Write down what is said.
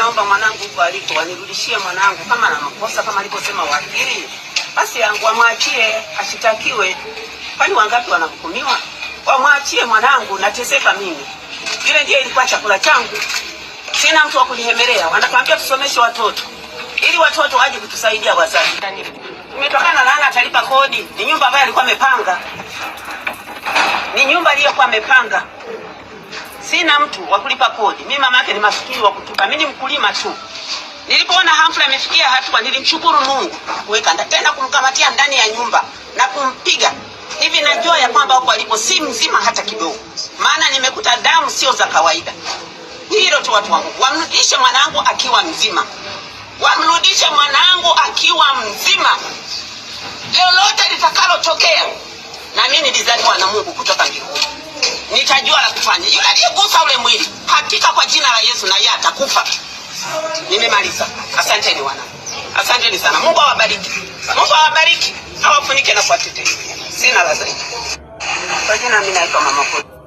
naomba mwanangu huko aliko anirudishie mwanangu, kama ana makosa kama alivyosema wakili, basi yangu amwachie ashitakiwe, kwani wangapi wanahukumiwa? Wamwachie mwanangu, nateseka mimi. Ile ndiye ilikuwa chakula changu, sina mtu wa kunihemelea. Wanakwambia tusomeshe watoto ili watoto waje kutusaidia wazazi. Imetokana na laana, atalipa kodi. Ni nyumba ambayo alikuwa amepanga, ni nyumba aliyokuwa amepanga sina mtu wa kulipa kodi. Mimi mama yake ni maskini wa kutupa, mimi ni mkulima tu. Nilipoona Humphrey amefikia hatua, nilimshukuru Mungu kuweka nda tena kumkamatia ndani ya nyumba na kumpiga hivi. Najua ya kwamba huko alipo si mzima hata kidogo, maana nimekuta damu sio za kawaida. Hilo tu, watu wangu, wamrudishe mwanangu akiwa mzima, wamrudishe mwanangu akiwa mzima. Lolote litakalotokea, na mimi nilizaliwa na Mungu kutoka mbinguni, nitajua la kufanya yule kufa ule mwili, hakika kwa jina la Yesu na yeye atakufa. Nimemaliza, asanteni wana, asanteni sana. Mungu awabariki, Mungu awabariki, awafunike na tete. Sina la zaidi. Kwa jina mimi naitwa Mama Pole.